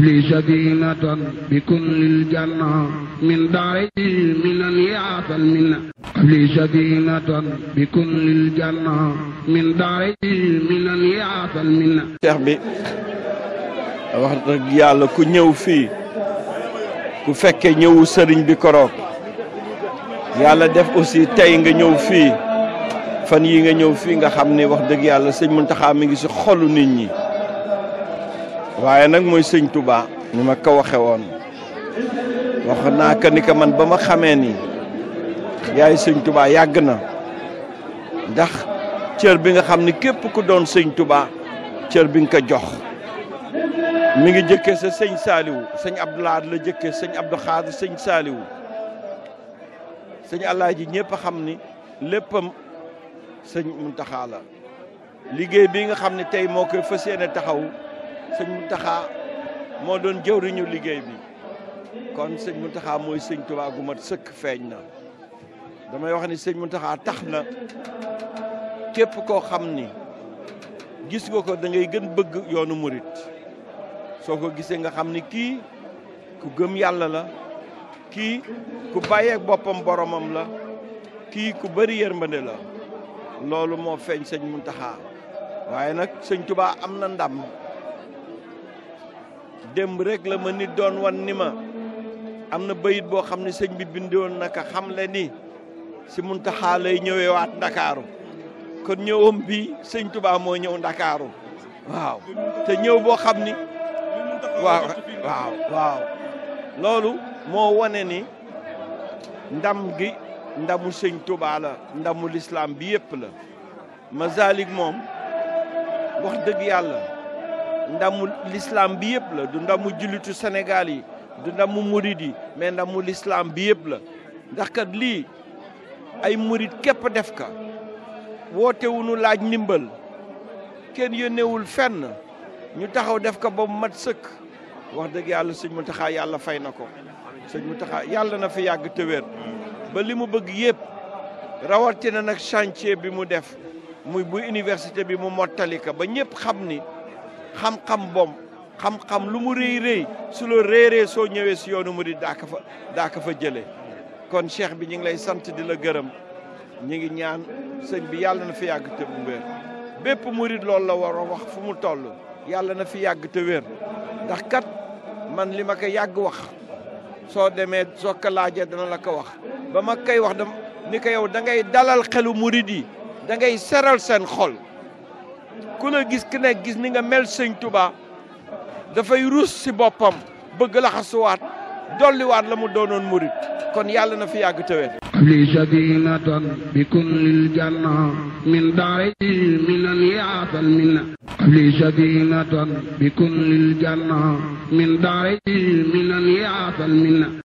لي سكينة بكل الجنة من داري من يعطى المنة لي سكينة Seex bi wax dëgg yàlla ku ñëw fii ku fekkee ñëwu sëriñ bi koroog yàlla def aussi tey nga ñëw fii fan yii nga ñëw fii nga xam ni wax dëgg yàlla sëñ Muntaxa mi ngi ci xolu nit ñi waaye nag mooy sëñ Touba ma ko waxe woon wax naa ko ni ko man ba ma xamee ni yaay sëñ yàgg na ndax cër bi nga xam ni képp ku doon sëñ Touba cër bi nga ko jox mi ngi jëkkee sa sëñ Saaliwu sëñ Abdoulaad la jëkkee sëñ Abdou Xaadir sëñ Saaliwu sëñ Alaaji ñëpp xam ni léppam sëñ Muntaxa la liggéey bi nga xam ne tey moo koy fas yéene taxaw sëñ Muntaxaa moo doon jëwriñu liggéey bi kon sëñ mu taxa mooy sëñ Tuubaa gu sëkk feeñ na damay wax ni sëñ Muntaxaa tax na képp koo xam ni gis nga ko da ngay gën bëgg yoonu murit soo ko gisee nga xam ni kii ku gëm yàlla la kii ku bàyyeek boppam boromam la kii ku bëri yërmande la loolu moo feeñ sëñ Muntaxaa waaye nag sëñ Tuubaa am na ndam démb rekk la ma nit doon wan ni ma am na bayit boo xam ne sëñ bi bindoon naka xamle ni si muntaxaa lay ndakaaru kon ñëwam bi sëñ Tuubaa moo ñëw ndakaaru waaw te ñëw boo xam ni waaw waaw loolu moo wane ni ndam gi ndamu sëñ Tuubaa ndamu lislaam bi yépp la Mazaalik moom wax dëgg yàlla ndamu lislaam bi yëpp la du mu jullitu Sénégal yi du ndamu murid yi mais mu lislaam bi yëpp la ndax kat lii ay murid képp def ka wootewuñu laaj ndimbal kenn yónnewul fenn ñu taxaw def ko ba mu mat sëkk wax dëgg yàlla sëñ taxaa yàlla fay na ko sëñ Mountakha yàlla na fi yàgg te wér ba li mu bëgg yëpp rawatina nag chantier bi mu def muy bu université bi mu mottali ka ba ñëpp xam ni xam-xam boom xam-xam lu mu rëy rëy su la réeree soo ñëwee si yoonu mu di daaka fa daaka fa jëlee kon cheikh bi ñu ngi lay sant di la gërëm ñu ngi ñaan sëñ bi yàlla na fi yàgg te bu wér bépp murid loolu la war wax fu mu toll yàlla na fi yàgg te wér ndax kat man li ma ko yàgg wax soo demee soo ko dana la ko wax ba ma koy wax dama ni ko yow da dalal xelu murid yi da ngay seral seen xol ku la gis ku gis ni nga mel sëñ Touba dafay ruus si boppam bëgg laxasuwaat dolliwaat la mu doonoon murit kon yàlla na fi yàgg tëwee li sakinatan bi kullil janna min daari janna min daari minan yaatal minna